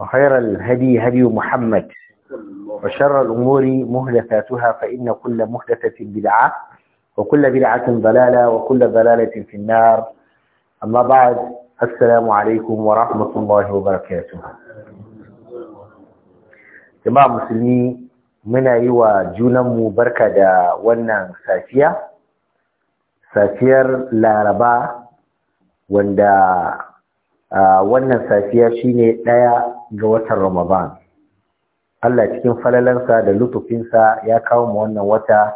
وخير الهدي هدي محمد وشر الأمور مهدثاتها فإن كل مهدثة بدعة وكل بدعة ضلالة وكل ضلالة في النار أما بعد السلام عليكم ورحمة الله وبركاته جماعة مسلمي من أيوة wa بركة barka da wannan safiya safiyar وندا Ah, wannan safiya shine ɗaya ga watan Ramadan Allah cikin falalansa da lutufinsa ya kawo mu wannan wata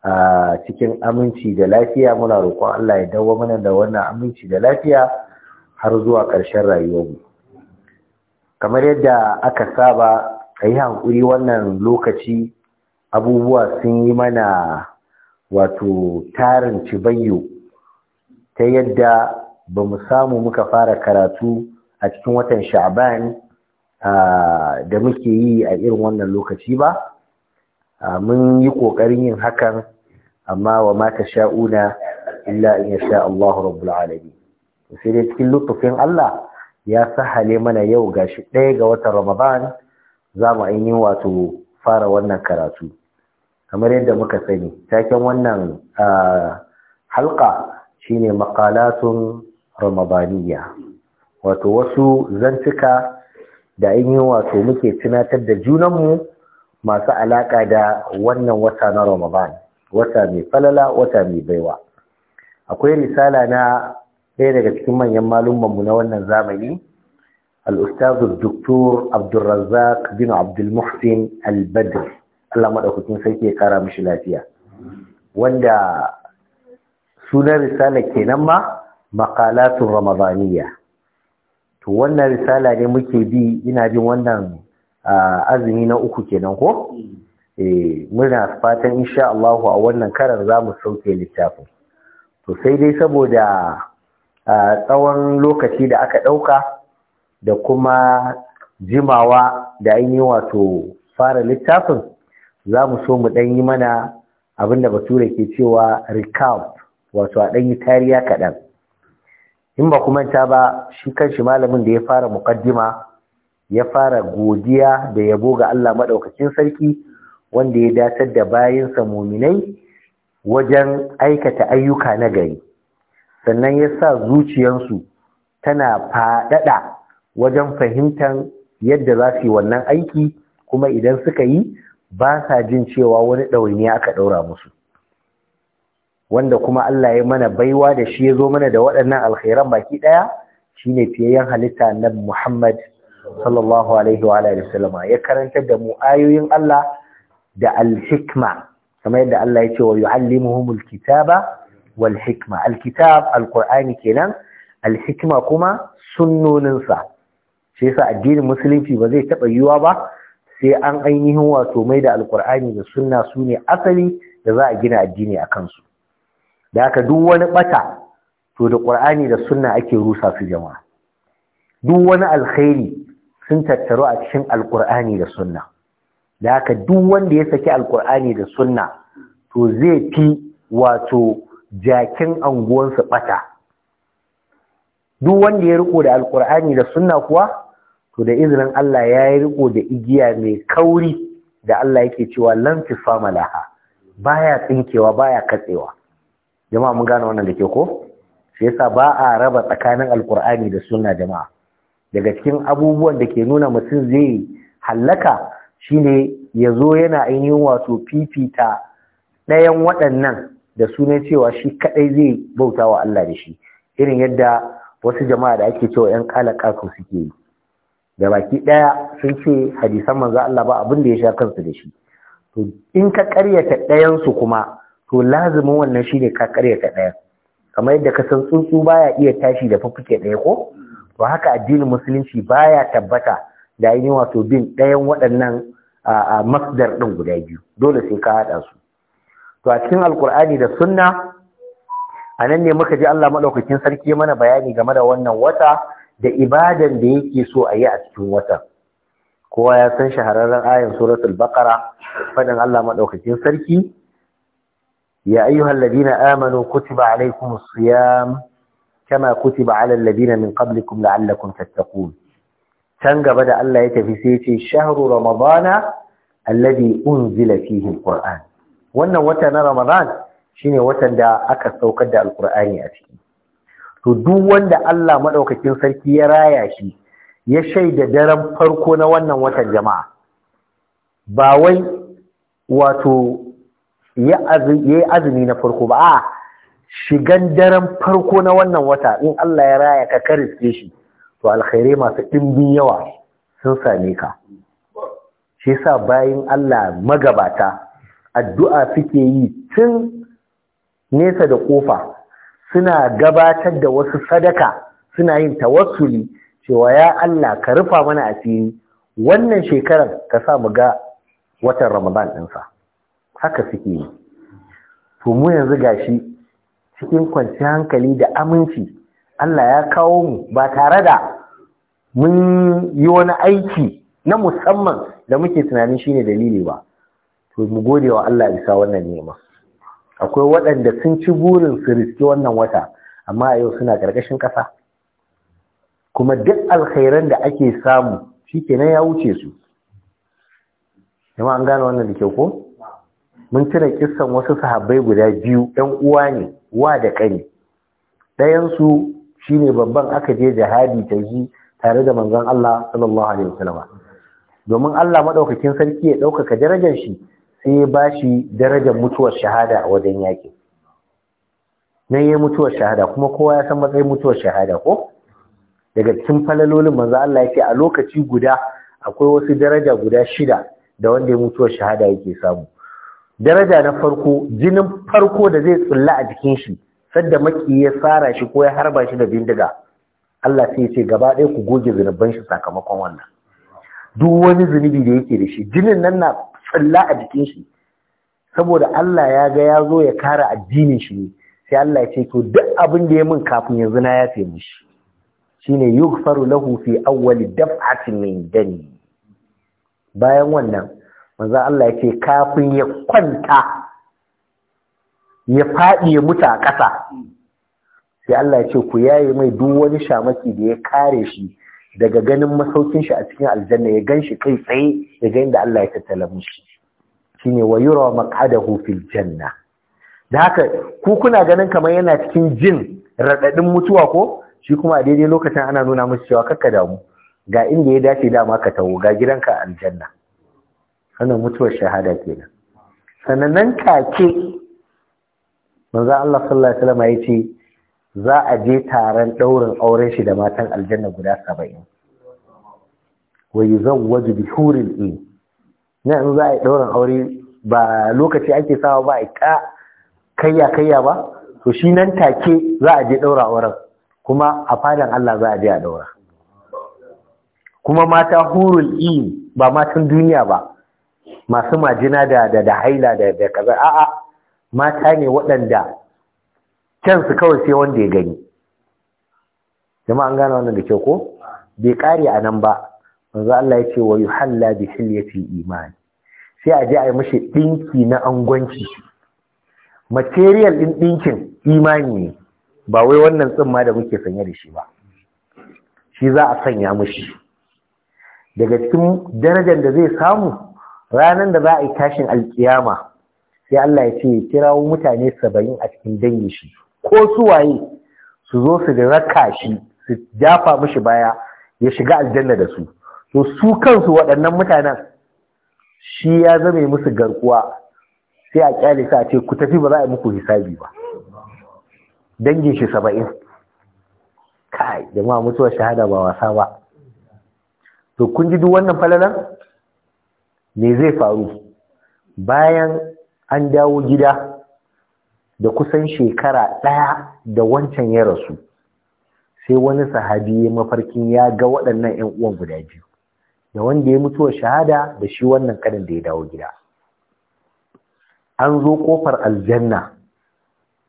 a ah, cikin aminci da lafiya muna roƙon Allah ya dawo mana da wannan aminci da lafiya har zuwa ƙarshen rayuwarmu kamar yadda aka saba a yi hankuri wannan lokaci abubuwa sun yi mana wato tarin cibayyo ta yadda ba mu samu muka fara karatu a cikin watan sha'ban da muke yi a irin wannan lokaci ba mun yi ƙoƙarin yin hakan amma wa mata sha'una illa in yasha Allah rabbul alamin sai dai cikin lutufin Allah ya sahale mana yau gashi ɗaya ga watan Ramadan za mu ainihin wato fara wannan karatu kamar yadda muka sani taken wannan halka shine maqalatun ramadaniya wato wasu zantuka da an yi wato muke tunatar da junanmu masu alaƙa da wannan wata na ramadan wata mai falala wata mai baiwa akwai risala na ɗaya daga cikin manyan malumanmu na wannan zamani الأستاذ الدكتور عبد bin bin عبد al البدر الله مدaukakin sarki ya kara mishi lafiya wanda sunan risala kenan ma maƙalatun ramadaniya to wannan risala ne muke bi ina jin wannan azumi na uku kenan ko mm. eh muna fatan insha Allah a wannan karar za mu sauke littafin to sai dai saboda tsawon lokaci da aka ɗauka, da kuma jimawa da ainihin wato fara littafin za mu so mu ɗan yi mana abinda bature ke cewa recount wato a ɗan yi tariya kaɗan in ba kuma ta ba shi kanshi malamin da ya fara mukaddima ya fara godiya da yabo ga Allah madaukakin sarki wanda ya datar da sa muminai wajen aikata ayyuka na gari sannan ya sa zuciyarsu tana faɗaɗa wajen fahimtar yadda za su yi wannan aiki kuma idan suka yi ba sa jin cewa wani ɗawainiya aka ɗaura musu wanda kuma Allah ya mana baiwa da shi ya zo mana da waɗannan alkhairan baki ɗaya shine fiyayyen halitta na Muhammad sallallahu alaihi wa ya karanta da mu ayoyin Allah da alhikma, hikma yadda Allah ya ce wa yi kitaba wal hikma al-kitab al kenan alhikma kuma sunnoninsa shi yasa addinin musulunci ba zai taɓa yiwuwa ba sai an ainihin wato mai da alkur'ani da sunna su ne asali da za a gina addini a kansu da haka duk wani ɓata, to da qur'ani da sunna ake rusa su jama'a duk wani alkhairi sun tattaru a cikin alqur'ani da sunna da haka duk wanda ya saki alqur'ani da sunna to zai fi wato jakin anguwansa ɓata. duk wanda ya riko da alqur'ani da sunna kuwa to da izinin Allah ya yi riko da igiya mai kauri da Allah yake cewa lan tisama baya tsinkewa baya katsewa jama'a mun gane wannan da ke ko shi yasa ba a raba tsakanin alkur'ani da sunna jama'a daga cikin abubuwan da ke nuna mutum zai hallaka shine ya zo yana ainihin wato fifita ɗayan waɗannan da sunan cewa shi kaɗai zai bauta wa Allah da shi irin yadda wasu jama'a da ake cewa 'yan su suke yi da baki ɗaya sun ce hadisan manzo Allah ba abin da ya sha kansu da shi to in ka ƙaryata su kuma to lazumin wannan shine ka karya ta ɗaya kamar yadda ka san tsuntsu baya iya tashi da fuffuke ɗaya ko to haka addinin musulunci baya tabbata da yi wato bin ɗayan waɗannan a masdar ɗin guda biyu dole sai ka hada su to a cikin alkur'ani da sunna anan ne muka ji Allah maɗaukakin sarki mana bayani game da wannan wata da ibadan da yake so a yi a cikin wata kowa ya san shahararren ayan suratul baqara faɗin Allah maɗaukakin sarki يا أيها الذين آمنوا كتب عليكم الصيام كما كتب على الذين من قبلكم لعلكم تتقون تنقى بدأ الله يتفي سيتي شهر رمضان الذي أنزل فيه القرآن وأن وتن رمضان شين وتن دا أكثر وكد القرآن أتكي تدوان دا الله مدعوك تنسلك يراياشي يشيد درم فرقون وأن وتن جماعة باوي واتو ya yi azumi na farko ba a shigan daren farko na wannan wata in Allah ya raya ka ka shi to alkhairai masu ɗimbin yawa sun same ka shi sa bayan Allah magabata addu'a suke yi tun nesa da ƙofa suna gabatar da wasu sadaka suna yin tawassuli cewa ya Allah ka rufa mana asiri wannan shekarar ka sa mu ga watan Ramadan ɗinsa. haka suke yi to mu yanzu gashi cikin kwanci hankali da aminci Allah ya kawo mu ba tare da mun yi wani aiki na musamman da muke tunanin shine dalili ba to mu gode wa Allah isa wannan nema akwai waɗanda sun ci burin su riski wannan wata amma a yau suna ƙarƙashin ƙasa kuma duk alkhairan da ake samu shi kenan ya wuce su jama'a an gane wannan da ke ko mun tuna kissan wasu sahabbai guda biyu ɗan uwa ne wa da ƙani ɗayansu shine babban aka je jihadi ta yi tare da manzon Allah sallallahu alaihi wasallam domin Allah madaukakin sarki ya ɗaukaka darajar shi sai ya ba shi darajar mutuwar shahada a wajen yaƙi Na yi mutuwar shahada kuma kowa ya san matsayin mutuwar shahada ko daga cikin falalolin manzo Allah yake a lokaci guda akwai wasu daraja guda shida da wanda ya mutuwar shahada yake samu daraja na farko jinin farko da zai tsulla a jikin shi sadda maki ya tsara shi ko ya harba shi da bindiga Allah sai ya ce gaba ɗaya ku goge zunuban shi sakamakon wannan duk wani zunubi da yake da shi jinin nan na tsulla a jikin shi saboda Allah ya ga ya zo ya kare addinin shi ne sai Allah ya ce to duk abin da ya min kafin yanzu na ya fi mishi shine yughfaru lahu fi awwali daf'atin min dani bayan wannan manzo Allah ya ce kafin ya kwanta ya faɗi ya mutu a ƙasa sai Allah ya ce ku yaye mai duk wani shamaki da ya kare shi daga ganin masaukin shi a cikin aljanna ya gan shi kai tsaye ya ga inda Allah ya tattala mushi shine wa yura maq'adahu fil janna da haka ku kuna ganin kamar yana cikin jin raɗaɗin mutuwa ko shi kuma a daidai lokacin ana nuna musu cewa kakka damu ga inda ya dace dama ka taho ga gidanka aljanna wannan mutuwar shahada kenan sannan nan take manzo Allah sallallahu alaihi wasallam ya ce za a je taron ɗaurin auren shi da matan aljanna guda saba'in wa yuzawwaju bi hurin in na in za a yi ɗaurin aure ba lokaci ake sawa ba a ka kayya kayya ba to shi nan take za a je ɗaura auren kuma a fadan Allah za a je a ɗaura kuma mata hurul in ba matan duniya ba masu majina da da da haila da da kaza a'a mata ne waɗanda su kawai sai wanda ya gani jama'a an gane wannan da ke ko bai kare a nan ba manzo Allah ya ce wa yuhalla bi hilyati imani sai a je a yi mishi dinki na angwanci material din dinkin imani ne ba wai wannan tsimma da muke sanye da shi ba shi za a sanya mushi. daga cikin darajar da zai samu ranar da za a yi tashin alkiyama sai Allah ya ce ya kirawo mutane saba'in a cikin dangi shi ko su waye su zo su raka shi su jafa mishi baya ya shiga aljanna da su to su kansu waɗannan mutanen shi ya zame musu garkuwa sai a kyale sa ce ku tafi ba za a yi muku hisabi ba dangin shi saba'in kai jama'a mutuwar shahada ba wasa ba to kun ji duk wannan falalan me zai faru bayan an dawo gida da kusan shekara ɗaya da wancan ya rasu sai wani sahabi mafarkin ya ga waɗannan 'yan uwan guda biyu da wanda ya mutuwa shahada da shi wannan kanin da ya dawo gida an zo ƙofar aljanna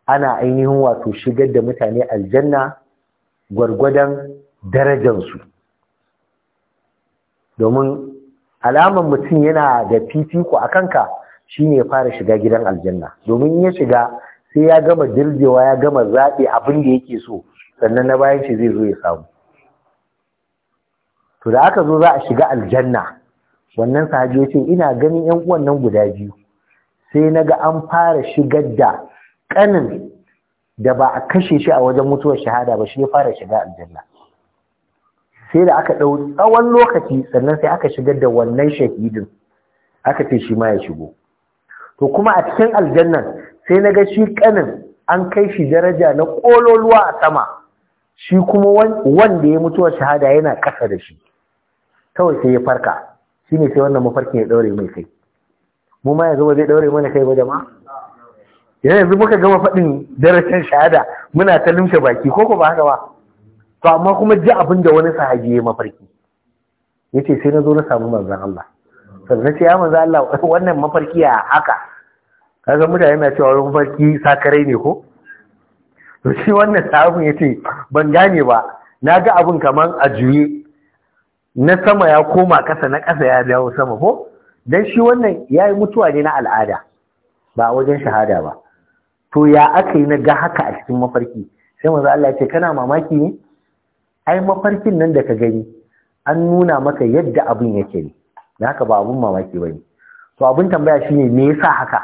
ana ainihin wato shigar da mutane aljanna gwargwadon darajansu domin alaman mutum yana da fifiko a kanka shine ya fara shiga gidan aljanna domin ya shiga sai ya gama dirjewa ya gama zaɓe abin da yake so sannan na bayan shi zai zo ya samu to da aka zo za a shiga aljanna wannan sahabi ce ina ganin yan uwan nan guda biyu sai na ga an fara shigar da ƙanin da ba a kashe shi a wajen mutuwar shahada ba shi ya fara shiga aljanna sai da aka ɗau tsawon lokaci sannan sai aka shigar da wannan shahidin aka ce shi ma ya shigo to kuma a cikin aljannan sai na ga shi kanin an kai shi daraja na ƙololuwa a sama shi kuma wanda ya mutuwa shahada yana ƙasa da shi kawai sai ya farka shi ne sai wannan mafarkin ya ɗaure mai kai mu ma yanzu ba zai ɗaure mana kai ba jama'a yanzu muka gama faɗin darasin shahada muna ta lumshe baki ko ko ba haka ba to amma kuma ji abin da wani sahabi ya mafarki yace sai na zo na samu manzon Allah sannan ce ya manzon Allah wannan mafarki a haka kaga mutane na cewa wani mafarki sakarai ne ko to shi wannan sahabin yace ban gane ba na ga abin kamar a juye na sama ya koma kasa na kasa ya dawo sama ko dan shi wannan yayi mutuwa ne na al'ada ba wajen shahada ba to ya aka yi na ga haka a cikin mafarki sai manzo Allah ya ce kana mamaki ne ai mafarkin nan da ka gani an nuna maka yadda abin yake ne da haka ba abun mamaki ba ne to abin tambaya shine me yasa haka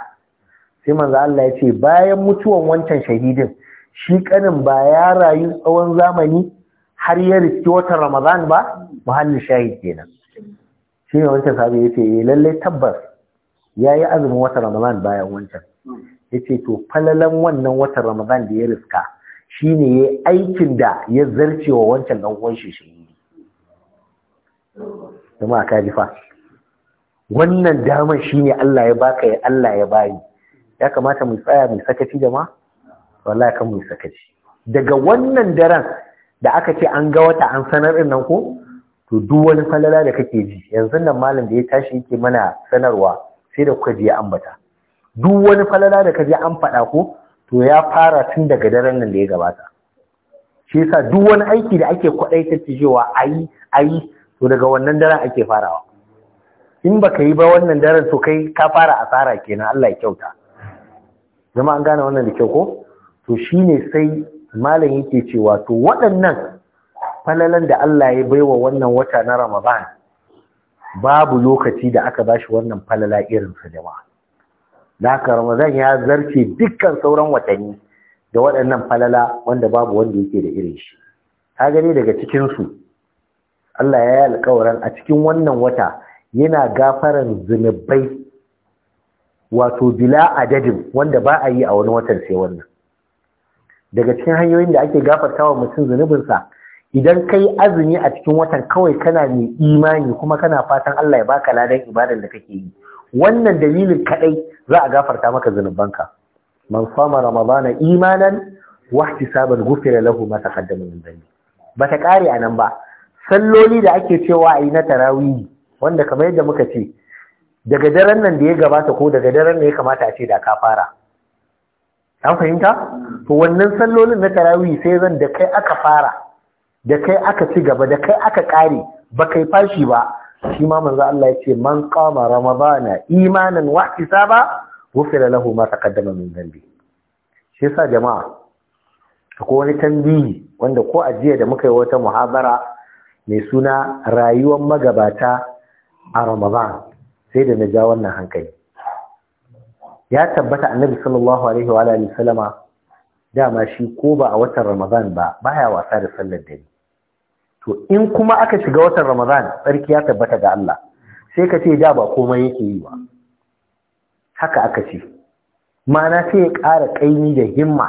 sai manzo Allah ya ce bayan mutuwan wancan shahidin shi kanin ba ya rayu tsawon zamani har ya riski wata Ramadan ba muhallin shahid kenan shi ne wancan sahabi ya ce eh lalle tabbas ya yi azumin wata Ramadan bayan wancan ya ce to falalan wannan watan Ramadan da ya riska shi ne ya aikin da ya zarce wa wancan ɗanƙon uwan shi shahidi jama'a ka ji wannan damar shi ne Allah ya baka ya Allah ya bayi ya kamata mu tsaya mai sakaci jama'a wallahi kan mai sakaci daga wannan daren da aka ce an ga wata an sanar din nan ko to duk wani falala da kake ji yanzu nan malam da ya tashi yake mana sanarwa sai da kuka je ambata duk wani falala da kaje an faɗa ko to ya fara tun daga daren nan da ya gabata shi yasa duk wani aiki da ake ta cewa ayi ayi to daga wannan daren ake farawa in baka yi ba wannan daren to kai ka fara asara kenan Allah ya kyauta zama an gane wannan da kyau ko to shine sai malam yake cewa to waɗannan falalan da Allah ya baiwa wannan wata na Ramadan babu lokaci da aka bashi wannan falala irin sa jama'a da haka ramadan ya zarce dukkan sauran watanni da waɗannan falala wanda babu wanda yake da irin shi ka gani daga cikinsu Allah ya yi alkawarin a cikin wannan wata yana gafaran zunubai wato bila adadin wanda ba a yi a wani watan sai wannan daga cikin hanyoyin da ake gafarta wa mutum zunubinsa idan kai azumi a cikin watan kawai kana mai imani kuma kana fatan Allah ya baka ladan ibadan da kake yi wannan dalilin kadai za a gafarta maka zunubanka man sama ramadana imanan wa ihtisaban ghufira lahu ma taqaddama min dhanbi bata kare anan ba salloli da ake cewa ayi na tarawih wanda kamar yadda muka ce daga daren nan da ya gabata ko daga daren da ya kamata a ce da ka fara an fahimta to wannan sallolin na tarawih sai zan da kai aka fara da kai aka ci gaba da kai aka kare ba kai fashi ba shi ma manzo Allah yace man qama ramadana imanan wa hisaba ghufira lahu ma taqaddama min dhanbi shi yasa jama'a akwai wani tambayi wanda ko ajiya da muka yi wata muhabara mai suna rayuwar magabata a Ramadan sai da na ja wannan hankali ya tabbata annabi sallallahu alaihi wa alihi sallama dama shi ko ba a watan Ramadan ba baya wasa da sallar dare to in kuma aka shiga watan ramadan tsarki ya tabbata ga Allah sai ka ce da ba komai yake yi ba haka aka ce mana sai ya ƙara ƙaimi da himma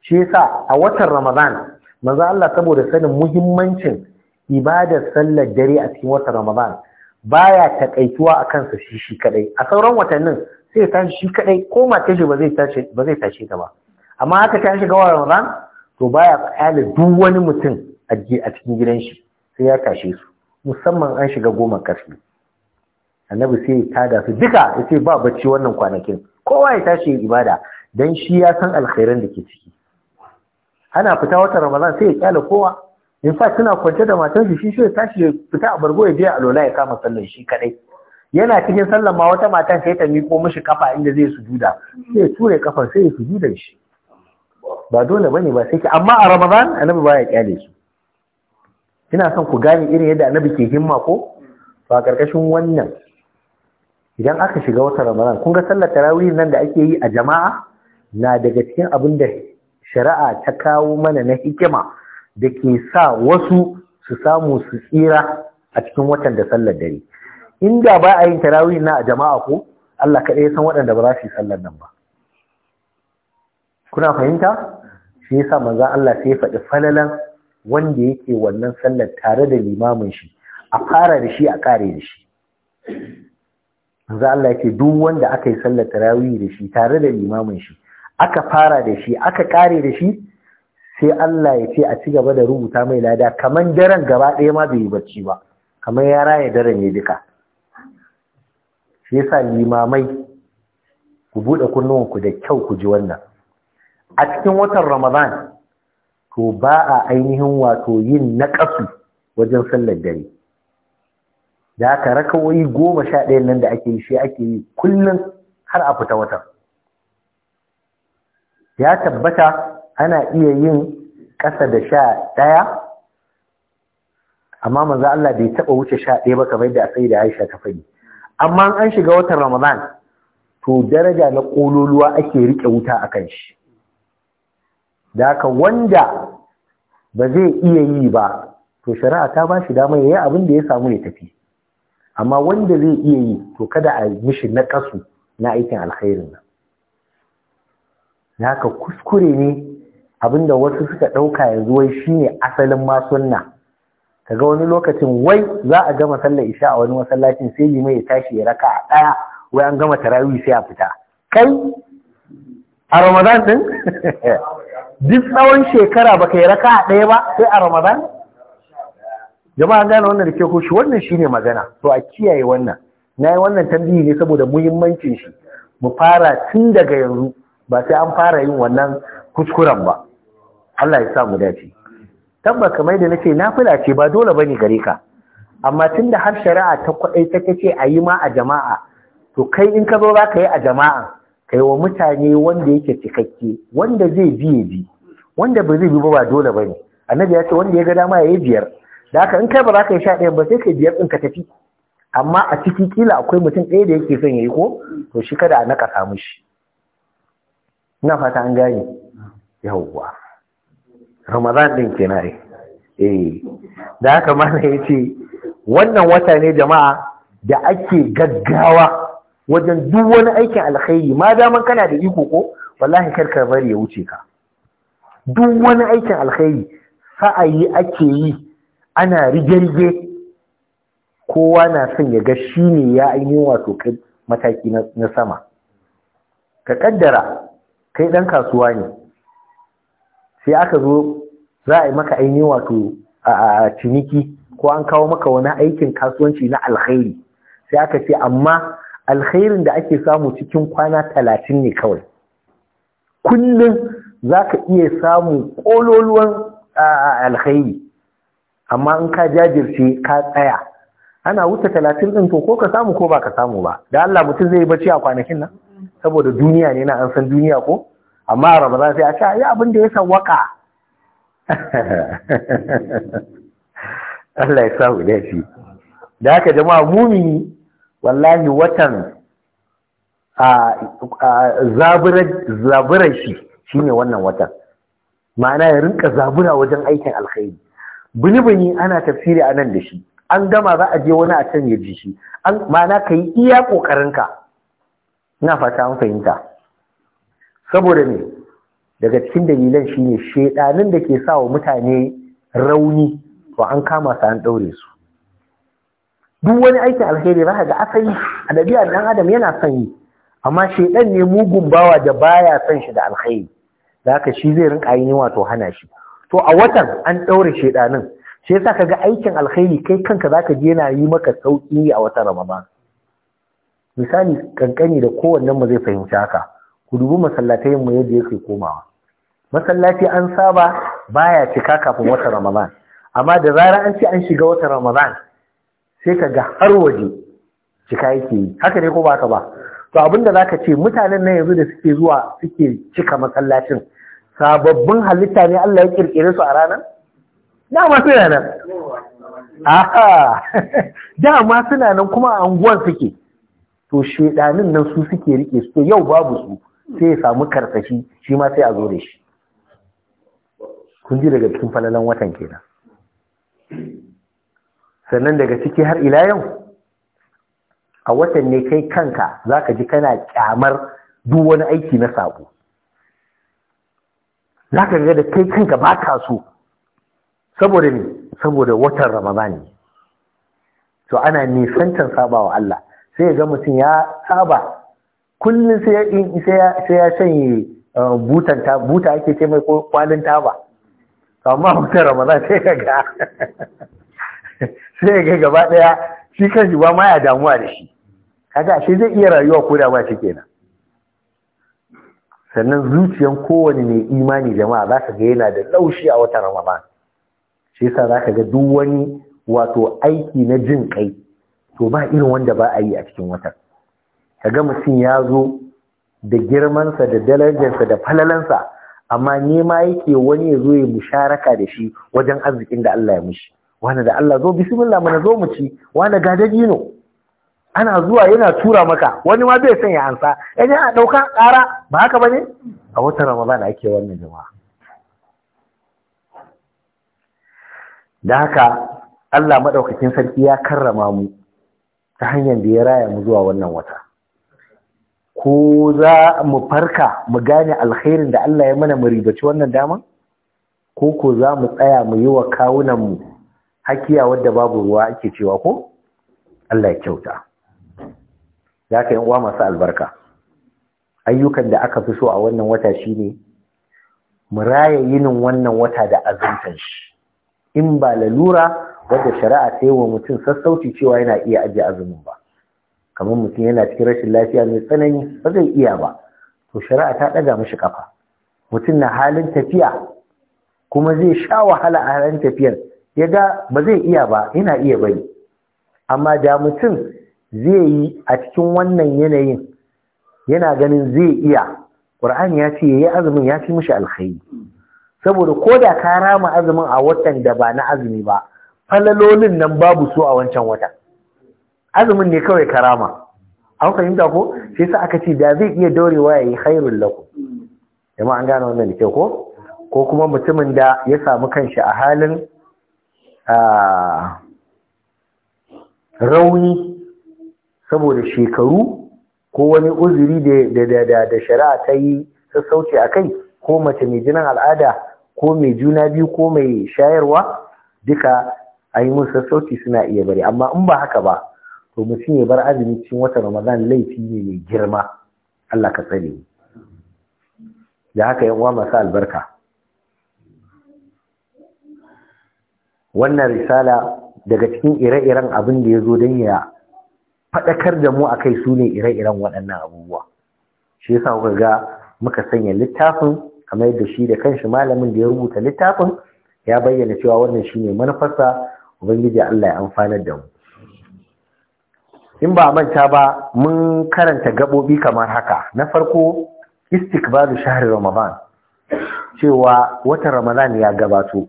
shi yasa a watan ramadan manzo Allah saboda sanin muhimmancin ibadar sallar dare a cikin watan ramadan baya takaituwa a kansa shi shi kadai a sauran watannin sai tashi shi kadai ko ta shi ba zai tashi ba zai tashi ta ba amma haka ta shiga watan ramadan to baya kale duk wani mutum ajiye a cikin gidan shi sai ya kashe su musamman an shiga goma karfi annabi sai ya tada su duka ya ce ba bacci wannan kwanakin kowa ya tashi ya ibada dan shi ya san alkhairan da ke ciki ana fita wata ramadan sai ya kyale kowa in fa suna kwance da matan shi shi ya tashi ya fita a bargo ya je a lola ya kama sallan shi kadai yana cikin sallan ma wata matan sai ta miko mishi kafa inda zai sujuda sai ya ture kafar sai ya sujuda shi ba dole bane ba sai ki amma a ramadan annabi baya kyale shi ina son ku gane irin yadda annabi ke himma ko ba karkashin wannan idan aka shiga wata ramadan kun ga sallar tarawih nan da ake yi a jama'a na daga cikin abin da shari'a ta kawo mana na hikima da ke sa wasu su samu su tsira a cikin watan da sallar dare inda ba a yin tarawih na a jama'a ko Allah kaɗai san waɗanda ba za su yi sallar nan ba kuna fahimta shi yasa manzon Allah sai ya faɗi falalan wanda yake wannan sallar tare da limamin shi a fara da shi a kare da shi Allah yake duk wanda aka yi sallar tarawih da shi tare da limamin shi aka fara da shi aka kare da shi sai Allah ya ce a ci gaba da rubuta mai lada kamar daren gaba ɗaya ma bai yi bacci ba kamar ya raye daren ya duka shi yasa limamai ku buɗe kunnuwanku da kyau ku ji wannan a cikin watan Ramadan to ba a ainihin wato yin naƙasu wajen sallar dare da haka rakawoyi goma sha ɗayan nan da ake yi shi ake yi kullum har a fita wata. ya tabbata ana iya yin ƙasa da sha ɗaya amma manzo Allah bai taɓa wuce sha ɗaya ba kamar yadda sai da Aisha ta faɗi amma an shiga watan Ramadan to daraja na ƙololuwa ake riƙe wuta akan shi da haka wanda ba zai iya yi ba to shari'a ta ba shi damar ya yi abin da ya samu ya tafi amma wanda zai iya yi to kada a mishi na kasu na aikin alkhairin nan da haka kuskure ne abin da wasu suka ɗauka yanzu wai shine asalin ma sunna ga wani lokacin wai za a gama sallar isha a wani masallacin sai limai ya tashi ya raka a ɗaya wai an gama tarawi sai a fita kai a ramadan din duk tsawon shekara baka yi raka ɗaya ba sai a ramadan jama'a gane wannan da ke ko shi wannan shine magana to a kiyaye wannan na yi wannan tambayi ne saboda muhimmancin shi mu fara tun daga yanzu ba sai an fara yin wannan kuskuren ba Allah ya sa mu dace tabba kamar da nace fila ce ba dole bane gare ka amma tun da har shari'a ta kwadai ta kace a yi ma a jama'a to kai in ka zo za ka yi a jama'a kai wa mutane wanda yake cikakke wanda zai bi ya bi wanda ba zai bi ba dole ba ne annabi ya ce wanda ya ga dama ya yi biyar da haka in kai ba za ka yi sha ɗaya ba sai ka biyar ɗin ka tafi amma a ciki kila akwai mutum ɗaya da yake son ya yi ko to shi kada a naka samu shi ina fata an gane yawwa ramadan ɗin ke na eh da haka mana ya ce wannan wata ne jama'a da ake gaggawa wajen duk wani aikin alkhairi ma daman kana da iko ko wallahi kar ka bari ya wuce ka duk wani aikin alkhairi sa'ayi ake yi ana rige-rige kowa na son ya ga shi ne ya aini wato kai mataki na sama ka kaddara kai ɗan kasuwa ne sai aka zo za a yi maka aini wato a ciniki ko an kawo maka wani aikin kasuwanci na alkhairi sai aka ce amma alkhairin da ake samu cikin kwana talatin ne kawai kullum za ka iya samun ƙololuwan alkhairi amma in ka jajirce ka tsaya ana wuce talatin ɗin to ko ka samu ko ba ka samu ba da Allah mutum zai bacci a kwanakin nan saboda duniya ne na an san duniya ko amma a ramadan sai a ce yi abin da ya san sawaka Allah ya sa da shi. da haka jama'a mumini wallahi watan zaburar shi shi ne wannan watan ma'ana ya rinka zabura wajen aikin alkhairi bini-bini ana tafsiri a nan da shi an gama za a je wani a can ya ji shi ma'ana ka yi iya ƙoƙarinka na fata an fahimta saboda ne daga cikin dalilan shi ne shaidanin da ke sa wa mutane rauni to an kama su an ɗaure su duk wani aikin alheri za ka ga asali a ɗabi'ar ɗan adam yana son yi amma shaidan ne mugun bawa da baya son shi da alheri da haka shi zai rinka yi wato hana shi to a watan an ɗaure shaidanin shi yasa ga aikin alheri kai kanka zaka je yana yi maka sauki a watan ramadan misali kankani da kowannen mu zai fahimci haka ku dubi masallatai mu yadda yake komawa masallaci an saba baya cika kafin watan ramadan amma da zarar an ce an shiga watan ramadan sai ka ga har waje cika yake yi haka ne ko ba ka ba to abinda za ka ce mutanen nan yanzu da suke zuwa suke cika masallacin sababbin halitta ne Allah ya kirkire su a ranar dama suna nan aha dama suna nan kuma a anguwan suke to shedanin nan su suke rike su to yau babu su sai ya samu karsashi shi ma sai a zo da shi kun ji daga cikin falalan watan kenan sannan daga ciki har ila yau a watan ne kai kanka zaka ji kana kyamar duk wani aiki na sabo zaka ga da kai kanka ba ka so saboda ne saboda watan ramadani to ana nisantar wa Allah sai ga mutum ya saba kullum sai ya sai ya shanye uh, buta ake ce mai kwanin taba amma watan ramadan sai ka ga sai ga gaba ɗaya shi kan shi ba ma ya damuwa da shi kaga shi zai iya rayuwa ko da ba shi kenan sannan zuciyan kowane mai imani jama'a za ka ga yana da laushi a wata ramadan shi yasa za ka ga duk wani wato aiki na jin kai to ba irin wanda ba a yi a cikin wata. ka ga mutum ya zo da girmansa da darajarsa da falalansa amma nema yake wani ya zo ya musharaka da shi wajen arzikin da Allah ya mishi wani da Allah zo bismillah mana zo mu ci wani ga dajino ana zuwa yana tura maka wani ma bai sanya ansa ne a dauka ƙara ba haka bane a watan Ramadan ake wannan jama'a da haka Allah madaukakin sarki ya karrama mu ta hanyar da ya raya mu zuwa wannan wata ko za mu farka mu gane alkhairin da Allah ya mana mu ribaci wannan dama ko ko za mu tsaya mu yi wa kawunan mu hakiya wadda babu ruwa ake cewa ko Allah ya kyauta za ka yi uwa masu albarka ayyukan da aka fi so a wannan wata shine mu raya yinin wannan wata da azumtar shi in ba lalura wadda shari'a ta yi wa mutum sassauci cewa yana iya ajiye azumin ba kamar mutum yana cikin rashin lafiya mai tsanani ba zai iya ba to shari'a ta ɗaga mashi kafa mutum na halin tafiya kuma zai sha wahala a halin tafiyar ya ga ba zai iya ba ina iya bari amma da mutum zai yi a cikin wannan yanayin yana ganin zai iya ƙur'ani ya ce 'Yi azumin ya fi mishi alkhairi saboda ko da ka rama azumin a watan da ba na azumi ba falalolin nan babu su a wancan wata. azumin ne kawai ka rama an fahimta ko sai sa aka ce da zai iya daurewa yayi khairul lakum jama'a an gane wannan da kyau ko ko kuma mutumin da ya samu kanshi a halin rauni saboda shekaru ko wani uzuri da shari'a ta yi sassauci a kai ko mace mai jinin al'ada ko mai juna biyu ko mai shayarwa duka a yi musu sassauci suna iya bari amma in ba haka ba to mutum ya bar azumi cikin watan ramadan laifi ne mai girma Allah ka tsare da haka yan uwa masu albarka wannan risala daga cikin ire-iren abin da ya zo don ya faɗakar da mu a kai su ne ire-iren waɗannan abubuwa shi yasa kuka ga muka sanya littafin kamar yadda shi da kanshi malamin da ya rubuta littafin ya bayyana cewa wannan shi ne manufarsa ubangiji Allah ya amfanar da mu in ba manta ba mun karanta gaɓoɓi kamar haka na farko istikbalu shahri ramadan cewa watan ramadan ya gabato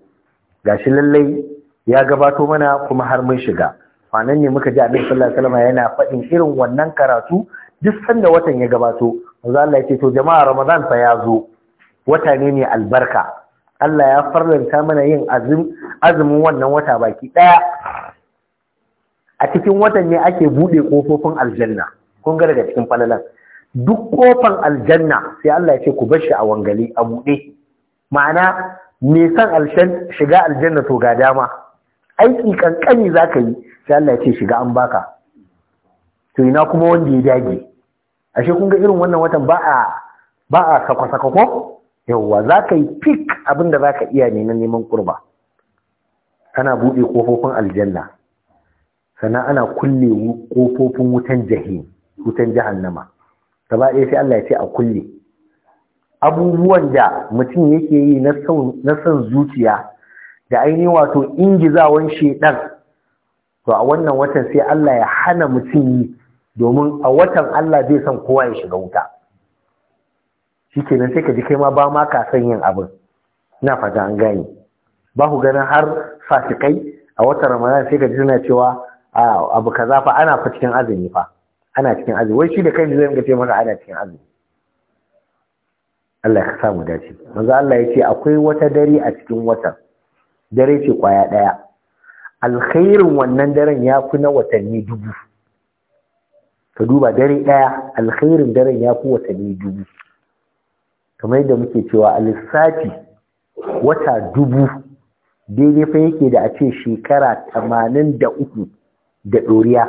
shi lallai ya gabato mana kuma har mun shiga kwanan ne muka ji annabi sallallahu alaihi yana faɗin irin wannan karatu duk sanda watan ya gabato manzo Allah ya to jama'a Ramadan fa ya zo wata ne ne albarka Allah ya farlanta mana yin azumin wannan wata baki ɗaya. a cikin watan ne ake buɗe ƙofofin aljanna kun ga daga cikin falalan duk ƙofan aljanna sai Allah ya ce ku bashi a wangale a buɗe ma'ana me san alshan shiga aljanna to ga dama aiki kankani za ka yi sai Allah ya ce shiga an baka to ina kuma wanda ya dage ashe kun ga irin wannan watan ba a ba a sako ko Yawa za ka yi fik abin da za ka iya ne na neman kurba ana buɗe kofofin aljanna sannan ana kulle kofofin wutan jahi wutan jahannama gaba ɗaya sai Allah ya ce a kulle abubuwan da mutum yake yi na son zuciya da ainihin wato ingizawan shedan to a wannan watan sai Allah ya hana mutum yi domin a watan Allah zai san kowa ya shiga wuta shikenan sai ka ji kai ma ba ma ka san yin abin ina fata an gane ba ku ganin har fasikai a watan Ramadan sai ka ji suna cewa abu kaza fa ana fa cikin azumi fa ana cikin azumi wai shi da kai zai ga ce maka ana cikin azumi Allah ka samu dace manzo Allah ya ce akwai wata dare a cikin watan dare ce kwaya ɗaya alkhairin wannan daren ya fi na watanni dubu ka duba dare ɗaya alkhairin daren ya fi watanni dubu kamar yadda muke cewa a lissafi wata dubu daidai fa yake da a ce shekara tamanin da uku da ɗoriya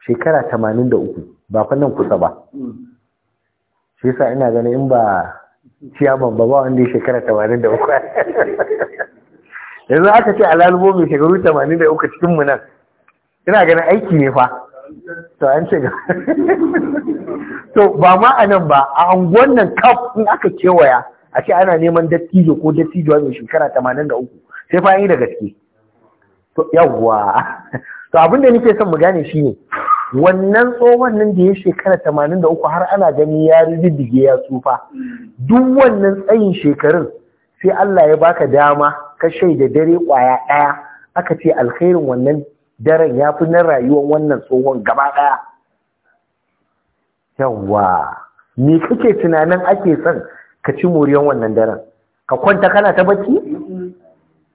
shekara tamanin da uku ba fannin kusa ba shi ina ganin in ba ciya babba ba wanda ya shekara tamanin da uku yanzu aka ce alalubo mai shekaru tamanin da uku cikin mu nan ina ganin aiki ne fa to an ce to ba ma a nan ba a anguwan nan kaf in aka kewaya a ce ana neman dattijo ko dattijo mai shekara tamanin da uku sai fa yi da gaske to yawwa to abinda nike nake son mu gane shine wannan tsohon nan da ya shekara tamanin har ana gani ya riddige ya tsufa duk wannan tsayin shekarun sai Allah ya baka dama ka da dare kwaya ɗaya aka ce alkhairin wannan daren ya fi na rayuwar wannan tsohon gaba ɗaya yawwa me kake tunanin ake son ka ci moriyan wannan daren ka kwanta kana ta bacci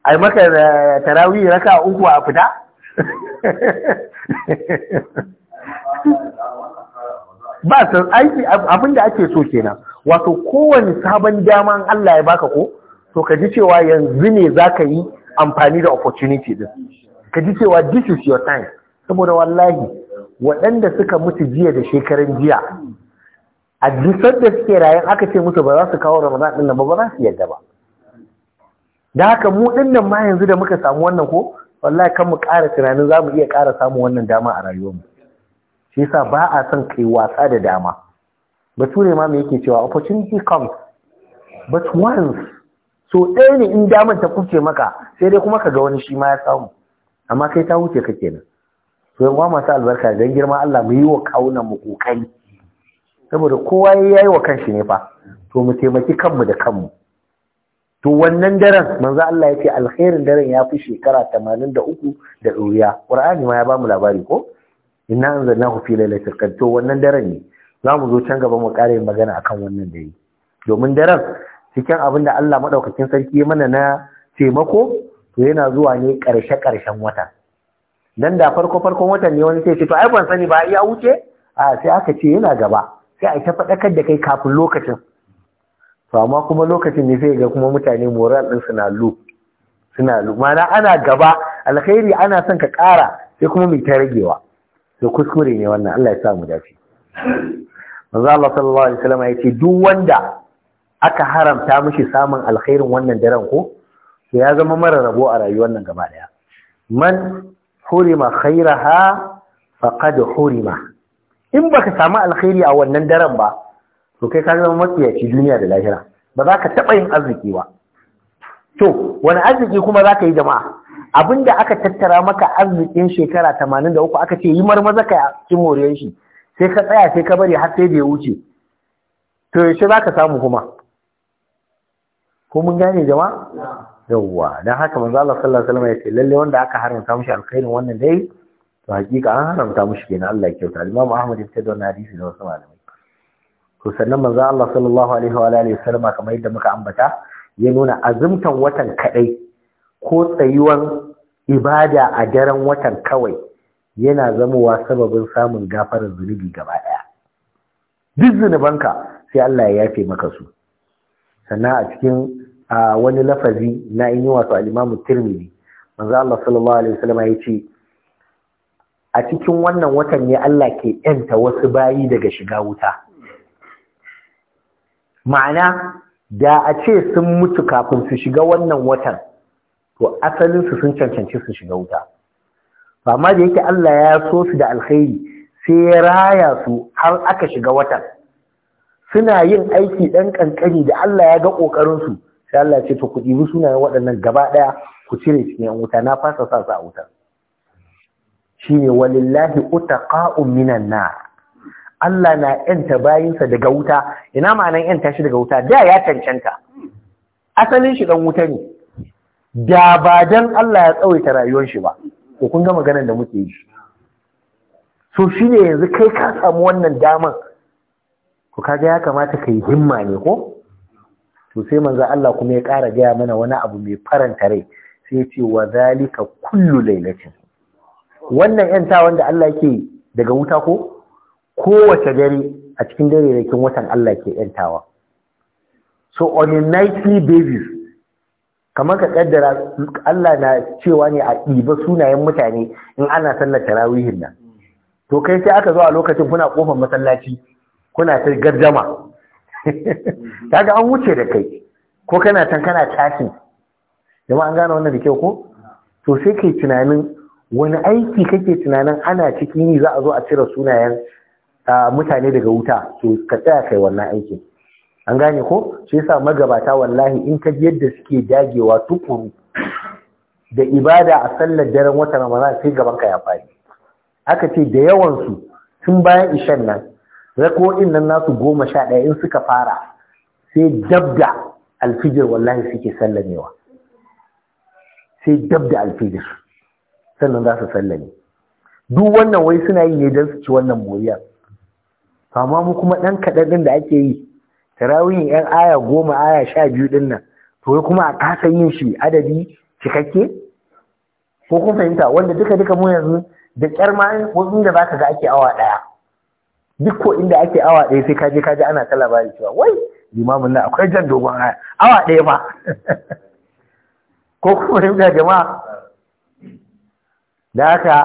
ai maka eh, tarawih raka uku a fita ba san aiki abin da ake so kenan wato kowane sabon dama Allah ya baka ko to ka ji cewa yanzu ne za ka yi amfani da opportunity din ka ji cewa this is your time saboda wallahi waɗanda suka mutu jiya da shekarun jiya a jisar da suke rayan aka ce musu ba za su kawo ramadan din nan ba ba za su yadda ba da haka mu din nan ma yanzu da muka samu wannan ko wallahi kan mu ƙara tunanin za mu iya ƙara samun wannan dama a rayuwarmu shi yasa ba a son kai wasa da dama bature ma me yake cewa opportunity comes but once so ɗaya ne in damar ta kuce maka sai dai kuma ka ga wani shi ma ya samu amma kai ta wuce ka kenan to yan masu albarka dan girma Allah mu yi wa kaunan mu kokari saboda kowa ya yi wa kanshi ne fa to mu taimaki kanmu da kanmu to wannan daren manzo Allah ya ce alkhairin daren ya fi shekara 83 da ɗoriya qur'ani ma ya ba mu labari ko inna anzalnahu fi lailatul qadr to wannan daren ne zamu zo can gaba mu kare magana akan wannan dare domin daren cikin abin da Allah madaukakin sarki ya mana na taimako to yana zuwa ne karshe karshen wata dan da farko farkon watan ne wani sai ce to ai ban sani ba ya wuce a sai aka ce yana gaba sai ai ta fadakar da kai kafin lokacin to amma kuma lokacin ne sai ga kuma mutane moral din suna lu suna lu mana ana gaba alkhairi ana son ka kara sai kuma mai ta ragewa da kuskure ne wannan Allah ya sa mu dace manzo Allah sallallahu alaihi wasallam ya ce duk wanda aka haramta mishi samun alkhairin wannan daren ko to ya zama mara rabo a rayuwar nan gaba daya man hurima khairaha faqad hurima in baka samu alkhairi a wannan daren ba to kai ka zama matsiyaci duniya da lahira ba za ka taɓa yin arziki ba to wani arziki kuma za ka yi jama'a Abin da aka tattara maka arzikin shekara 83 aka ce yi marmaza ka cin moriyar shi sai ka tsaya sai ka bari har sai da ya wuce to yaushe za ka samu kuma ko mun gane jama'a yawwa Don haka manzo Allah sallallahu alaihi wasallam ya ce lalle wanda aka haramta mishi alkhairin wannan dai to hakika an haramta mishi kenan Allah ya kyauta Imam Ahmad ya ce da hadisi da wasu malamai to sannan manzo Allah sallallahu alaihi wa alihi wasallam kamar yadda muka ambata ya nuna azumtan watan kadai ko tsayuwan ibada a daren watan kawai yana zamowa sababin samun gafarar zunubi gaba ɗaya duk zunubanka sai Allah ya yafe maka su sannan a cikin wani lafazi na in yi wasu alimamu tirmidhi manzo Allah sallallahu alaihi wasallam ya ce a cikin wannan watan ne Allah ke yanta wasu bayi daga shiga wuta ma'ana da a ce sun mutu kafin su shiga wannan watan to asalin su sun cancanci su shiga wuta ba ma da yake Allah ya so su da alkhairi sai ya raya su har aka shiga watan suna yin aiki dan kankani da Allah ya ga kokarin su sai Allah ya ce to ku dibi sunayen waɗannan gaba daya ku cire cikin wuta na fasa sa su a wuta shine walillahi utaqa'u minan nar Allah na ‘yanta bayinsa daga wuta, ina ma'anan ‘yanta shi daga wuta, da ya cancanta, asalin shi dan wuta ne, da ba don Allah ya tsawaita rayuwar shi ba ko kun ga maganar da muke yi so shi ne yanzu kai ka samu wannan damar? to kaga ya kamata ka yi himma ne ko to sai manza Allah kuma ya ƙara gaya mana wani abu mai faranta rai sai ce wa zalika kullu lailatin wannan yanta wanda Allah yake daga wuta ko kowace dare a cikin dare watan Allah ke yantawa so on a nightly basis kamar ka kaddara Allah na cewa ne a ɗiba sunayen mutane in ana sallar tarawihin nan to kai sai aka zo a lokacin kuna kofar masallaci kuna ta gardama kaga an wuce da kai ko kana can kana tashi jama an gane wannan da kyau ko to sai kai tunanin wani aiki kake tunanin ana ciki yi za a zo a cire sunayen ah, mutane daga wuta to ka tsaya kai wannan aikin an gane ko shi yasa magabata wallahi in ka ji yadda suke dagewa tukuru da ibada a sallar daren watan ramadan sai gaban ka ya fadi aka ce da yawan su tun bayan ishan nan rako'in nan nasu goma sha ɗaya in suka fara sai dabda alfijir wallahi suke sallamewa sai dabda alfijir sannan za su sallame duk wannan wai suna yi ne don su ci wannan moriya amma mu kuma ɗan kaɗan da ake yi tarawihin yan aya goma aya sha biyu din nan to kuma a kasa yin shi adadi cikakke ko kun fahimta wanda duka duka mu yanzu da kyar ma wasu inda ka ga ake awa ɗaya? duk ko inda ake awa ɗaya sai kaje kaje ana ta labari cewa wai limamin nan akwai jan dogon aya awa ɗaya ma ko kun fahimta jama'a da haka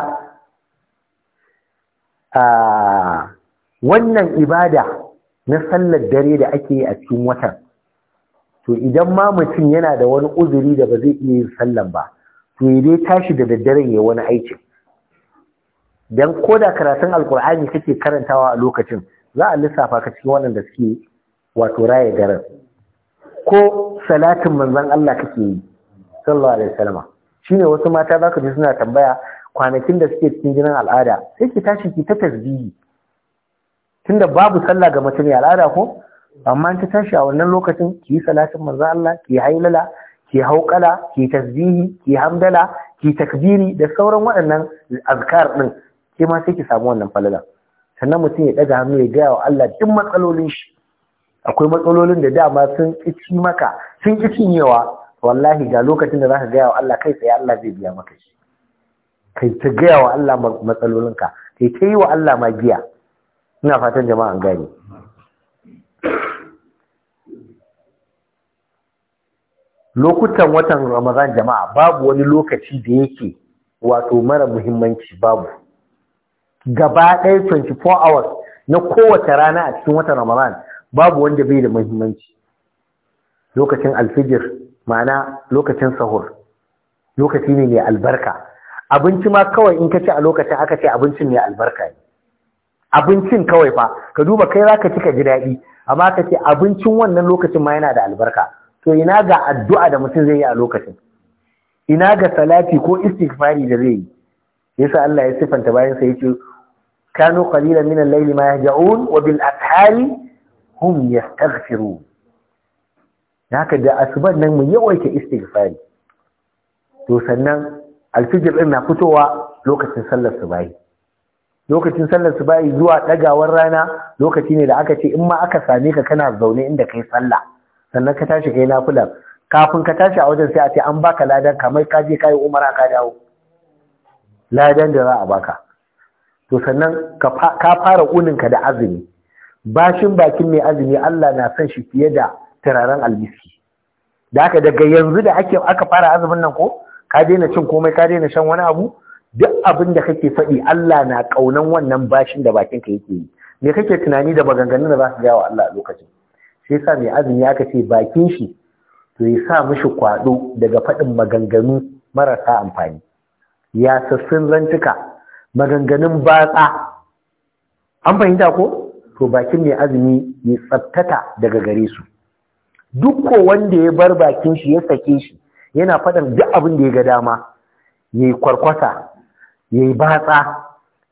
ah, wannan ibada na sallar dare da ake yi a cikin watan to idan ma mutum yana da wani uzuri da ba zai iya yin sallar ba to ya dai tashi da daddare ya wani aiki. dan ko da karatun alkur'ani kake karantawa a lokacin za a lissafa ka cikin waɗanda suke wato raya daren ko salatin manzon Allah kake yi sallallahu alaihi wasallam shine wasu mata zaka ji suna tambaya kwanakin da suke cikin jinin al'ada sai ki tashi ki ta tasbihi tunda babu sallah ga mutum ya al'ada ko amma ta tashi a wannan lokacin ki yi salatin manzo Allah ki hailala ki hauƙala ki tasbihi ki hamdala ki takbiri da sauran waɗannan azkar din ke ma sai ki samu wannan falala sannan mutum ya daga hannu ya gaya wa Allah duk matsalolin shi akwai matsalolin da dama sun kici maka sun kici yawa wallahi ga lokacin da zaka gaya wa Allah kai tsaye Allah zai biya maka shi kai ta gaya wa Allah matsalolinka kai kai wa Allah magiya ina fatan jama'a gane lokutan watan ramadan jama'a babu wani lokaci da yake wato mara muhimmanci babu gaba ɗaya 24 hours na kowace rana a cikin watan ramadan babu wanda bai da muhimmanci lokacin alfijir ma'ana lokacin sahur lokaci ne mai albarka abinci ma kawai in ka ci a lokacin aka ce abincin mai albarka ne abincin kawai fa ka duba kai zaka ci ka ji daɗi amma ka ce abincin wannan lokacin ma yana da albarka to ina ga addu'a da mutum zai yi a lokacin ina ga salati ko istighfari da zai yi yasa Allah ya sifanta bayan sai yace kanu qalilan min al-layli ma yahja'un wa bil ashari hum yastaghfirun haka da asuban nan mu yawaita istighfari to sannan alfijir din na fitowa lokacin sallar su subahi lokacin sallar su bayi zuwa ɗagawan rana lokaci ne da aka ce in ma aka same ka kana zaune inda kai sallah sannan ka tashi kai nafila kafin ka tashi a wajen sai a ce an baka ladan kamar ka je kayi umara ka dawo ladan da za a baka to sannan ka fara ka da azumi bashin bakin mai azumi Allah na san shi fiye da turaren almiski da aka daga yanzu da ake aka fara azumin nan ko ka daina cin komai ka daina shan wani abu duk abin da kake faɗi Allah na ƙaunan wannan bashin da bakinka yake yi me kake tunani da maganganun da za su wa Allah a lokacin sai sa mai azumi aka ce bakin shi to ya sa mishi kwaɗo daga faɗin maganganu marasa amfani ya sassun rantuka maganganun batsa an fahimta ko to bakin mai azumi ya tsabtata daga gare su duk ko wanda ya bar bakin shi ya sake shi yana faɗin duk abin da ya ga dama ya yi kwarkwata ya yi batsa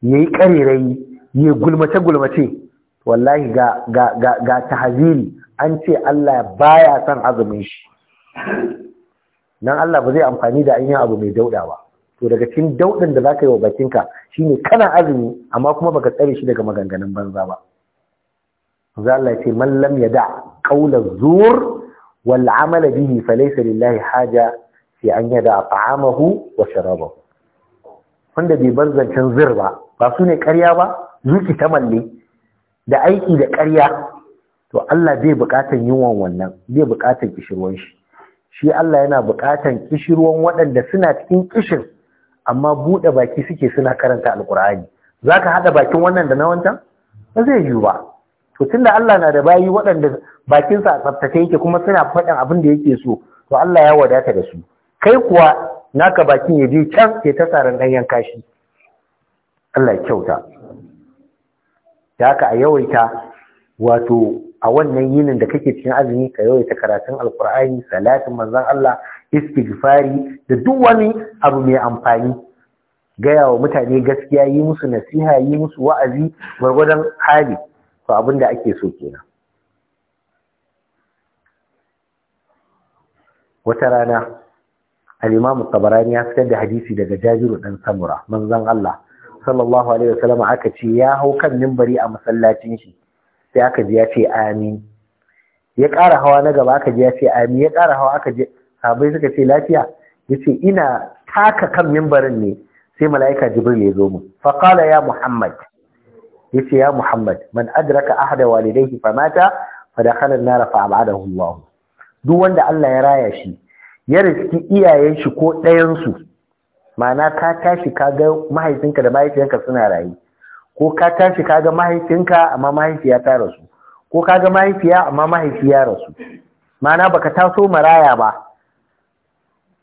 ya yi ƙarerayi ya gulmace-gulmace wallahi ga, ta ga, an ce Allah baya son azumin shi nan Allah ba zai amfani da ainihin abu mai dauɗa to daga cikin dauɗin da zaka yi wa bakinka shine kana azumi amma kuma baka tsare shi daga maganganun banza ba za Allah ce da lam yada qawla zur wal amala bihi falaysa lillahi haja sai an yada ta'amahu wa sharabahu wanda bai bar zancen zir ba ba su ne ƙarya ba zuci ta malle da aiki da ƙarya to Allah bai buƙatar yunwan wannan bai buƙatar kishirwan shi shi Allah yana buƙatar kishirwan waɗanda suna cikin kishir amma buɗe baki suke suna karanta alƙur'ani zaka haɗa bakin wannan da na wancan ba zai yiwu ba to tunda Allah na da bayi waɗanda bakinsa a tsaftace yake kuma suna faɗin abin da yake so to Allah ya wadata da su kai kuwa naka bakin ya biyu can ke ta tsarin ganyen kashi Allah kyauta Ya haka a yawaita wato a wannan yinin da kake cikin azumi ka yawaita karatun alkur'ani salatin manzon Allah istighfari da duk wani abu mai amfani gaya wa mutane gaskiya yi musu nasiha yi musu wa'azi gwargwadon hali to abin da ake so kenan wata rana al-imamu tabarani ya fitar da hadisi daga jajiru ɗan samura manzan Allah sallallahu alaihi wasallam aka ce ya hau kan minbari a masallacin shi sai aka ji ce amin ya ƙara hawa na gaba aka ji ce amin ya ƙara hawa aka ji sabai suka ce lafiya yace ina taka kan minbarin ne sai mala'ika jibril ya zo mu fa ya muhammad yace ya muhammad man adraka ahada walidayhi famata fa dakhala an duk wanda Allah ya raya shi ya riski iyayen shi ko ɗayansu ma'ana ka tashi ka ga mahaifinka da mahaifiyanka suna rayu ko ka tashi ka ga mahaifinka amma mahaifiya ta rasu ko ka ga mahaifiya amma mahaifiya rasu ma'ana baka taso maraya ba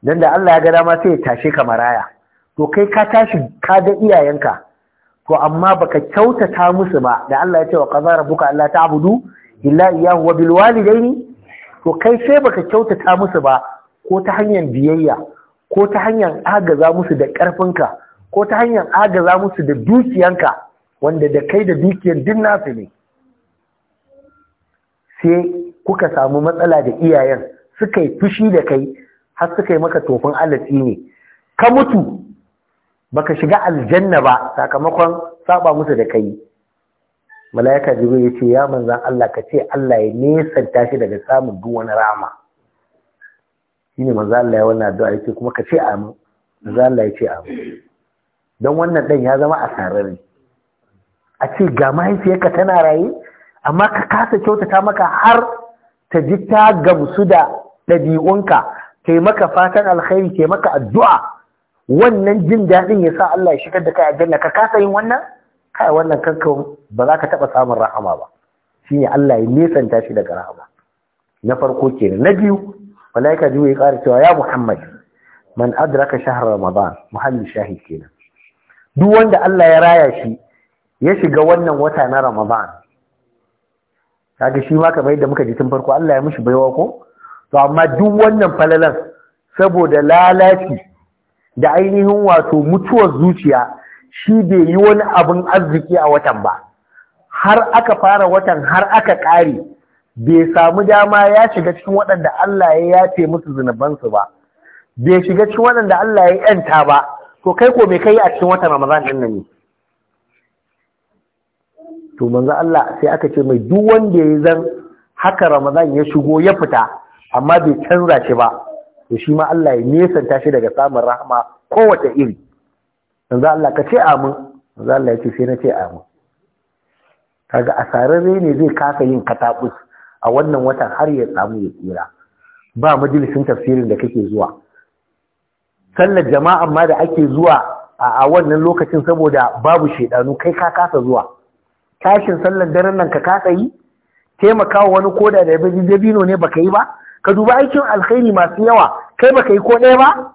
dan da Allah ya ga dama sai ya tashe ka maraya to kai ka tashi ka ga iyayenka to amma baka kyautata musu ba da Allah ya ce wa qadara rabbuka alla ta'budu illa iyyahu wa bil walidaini to kai sai baka kyautata musu ba ko ta hanyar biyayya ko ta hanyar agaza musu da ƙarfinka ko ta hanyar agaza musu da dukiyanka wanda da kai da dukiyar din nasu ne sai kuka samu matsala da iyayen suka yi fushi da kai har suka yi maka tofin alatsi ne ka mutu baka shiga aljanna ba sakamakon saba musu da kai mala'ika jibril ya ce ya manzan Allah ka ce Allah ya nesanta shi daga samun duk rama shine manzo Allah ya wannan addu'a yake kuma ka ce amin manzo Allah ya ce amin dan wannan dan ya zama asararre a ce ga mahaifiyarka tana raye amma ka kasa kyautata maka har ta ji ta gamsu da ɗabi'unka kai maka fatan alkhairi kai maka addu'a wannan jin daɗin ya sa Allah ya shigar da kai aljanna ka kasa yin wannan kai wannan kanka ba za ka taɓa samun rahama ba shine Allah ya nesanta shi daga rahama na farko kenan na biyu malaika jibril ya ƙara cewa ya muhammad man adraka shahr ramadan muhalli shahid kenan duk wanda Allah ya raya shi ya shiga wannan wata na ramadan kaga shi ma kamar yadda muka ji tun farko Allah ya mishi baiwa ko to amma duk wannan falalan saboda lalaci da ainihin wato mutuwar zuciya shi bai yi wani abin arziki a watan ba har aka fara watan har aka ƙare bai samu dama ya shiga cikin waɗanda Allah ya yace musu zunubansu ba bai shiga cikin waɗanda Allah ya yanta ba to kai ko mai kai a cikin watan Ramadan din nan ne to manzo Allah sai aka ce mai duk wanda ya zan haka Ramadan ya shigo ya fita amma bai canza shi ba to shi ma Allah ya nesanta shi daga samun rahama kowace iri manzo Allah ka ce amin manzo Allah ya ce sai na ce amin kaga asararre ne zai kasa yin katabus a wannan watan har ya samu ya tsira ba majalisin tafsirin da kake zuwa Sannan jama'a ma da ake zuwa a wannan lokacin saboda babu shaidanu kai ka kasa zuwa tashin sallar daren nan ka kasa yi taimakawa wani koda da dabino ne baka yi ba ka duba aikin alkhairi masu yawa kai baka yi ko ɗaya ba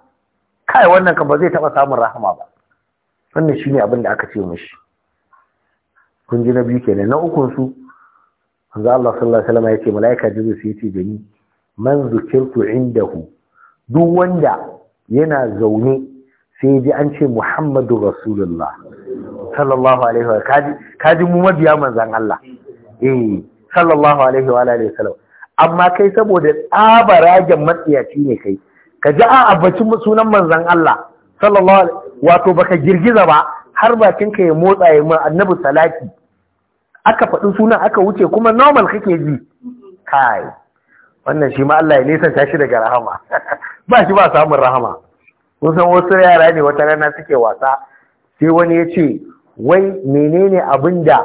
kai wannan kan ba zai taɓa samun rahama ba wannan shine abin da aka ce mishi kun ji na biyu kenan na ukun su manzo Allah sallallahu alaihi wasallam yace malaika jibril sai yace gani. ni man zukirtu indahu duk wanda yana zaune sai ji an ce Muhammadu Rasulullah sallallahu alaihi wa kaji kaji mu mabiya manzon Allah eh sallallahu alaihi wa alihi wasallam amma kai saboda tsabaragen matsiyaci ne kai ka ji a abbacin sunan manzon Allah sallallahu alaihi wato baka girgiza ba har bakin ka ya motsa ya mu annabi salati aka faɗi suna aka wuce kuma normal kake ji kai wannan shi ma Allah ya nisanta shi daga rahama ba shi ba samun rahama kun san wasu yara ne wata rana suke wasa sai wani ya ce wai menene abin da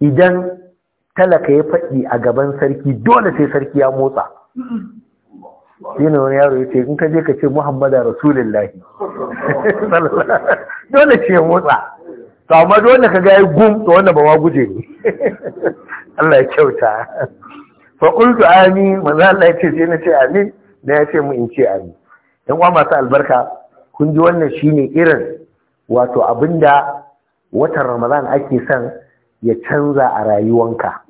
idan talaka ya faɗi a gaban sarki dole sai sarki ya motsa shi ne wani yaro ya ce in ka je ka ce muhammadu rasulullahi dole ce motsa to amma duk wanda ka ga yi gum to wanda ba ma guje ne Allah ya kyauta fa qultu amin manzo Allah ya ce sai na ce amin da ya ce mu in ce amin dan uwa masu albarka kun ji wannan shine irin wato abinda watan Ramadan ake son ya canza a rayuwanka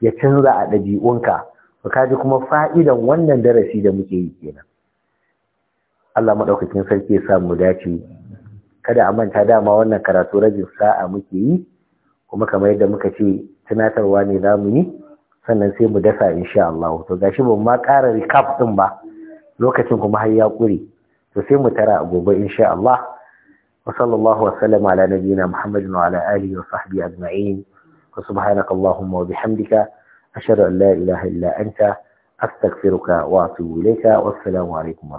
ya canza a ɗabi'unka ka kaji kuma fa'idan wannan darasi da muke yi kenan Allah maɗaukakin sarki ya samu dace kada a manta dama wannan karatu rabin sa'a muke yi kuma kamar yadda muka ce tunatarwa ne za mu yi sannan sai mu dasa insha Allah to gashi ban ma ƙara recap din ba lokacin kuma har ya ƙure to sai mu tara a gobe insha Allah wa sallallahu wa sallama ala Muhammadin wa ala alihi wa sahbihi ajma'in wa subhanaka allahumma wa bihamdika ashhadu an la ilaha illa anta wa atubu